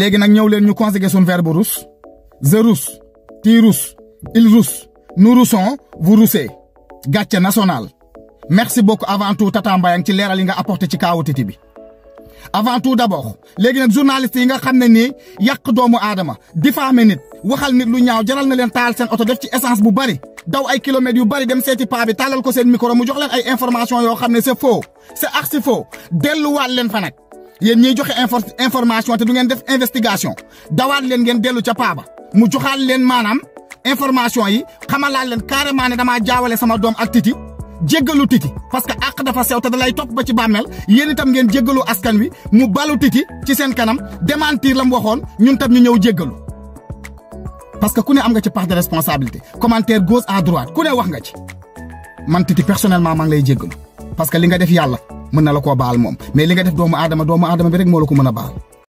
léegi nak ñew leen ñu conjuguer son verbe russe, je russe tu russe il russe nous roussons vous roussez gatcha national merci beaucoup avant tout Tata Mbayang ci leeral yi nga apporter ci kaawu Titi bi avant tout d'abord léegi nak journaliste yi nga xamné ne yak doomu Adama, difaame nit waxal nit lu ñaaw jaral na leen taal sen auto def ci essence bu bari daw ay kilomètres yu bari dem séti pa bi talal ko sen micro mu jox leen ay information yo xamné c'est faux c'est archi faux wal leen fa nak yéen ñiy joxe information te du ngeen def investigation dawaat leen ngeen dellu ca paaba mu joxaat leen maanaam information yi xamalaat leen carrément ne damaa jaawale sama doom ak titi jéggalu titi parce que àq dafa sew te da topp ba ci bàmmeel yéen tam ngeen jéggalu askan wi mu balu titi ci seen kanam démentir la mu waxoon ñun tam ñu ñëw jéggalu parce que ku ne am nga ci part de responsabilité commentaire gauche à droite ku ne wax nga ci man titi personnellement maa lay jéggalu parce que li nga def yàlla mën na la koo baal moom mais li nga def doomu aadama doomu aadama bi rek moo la mën a baal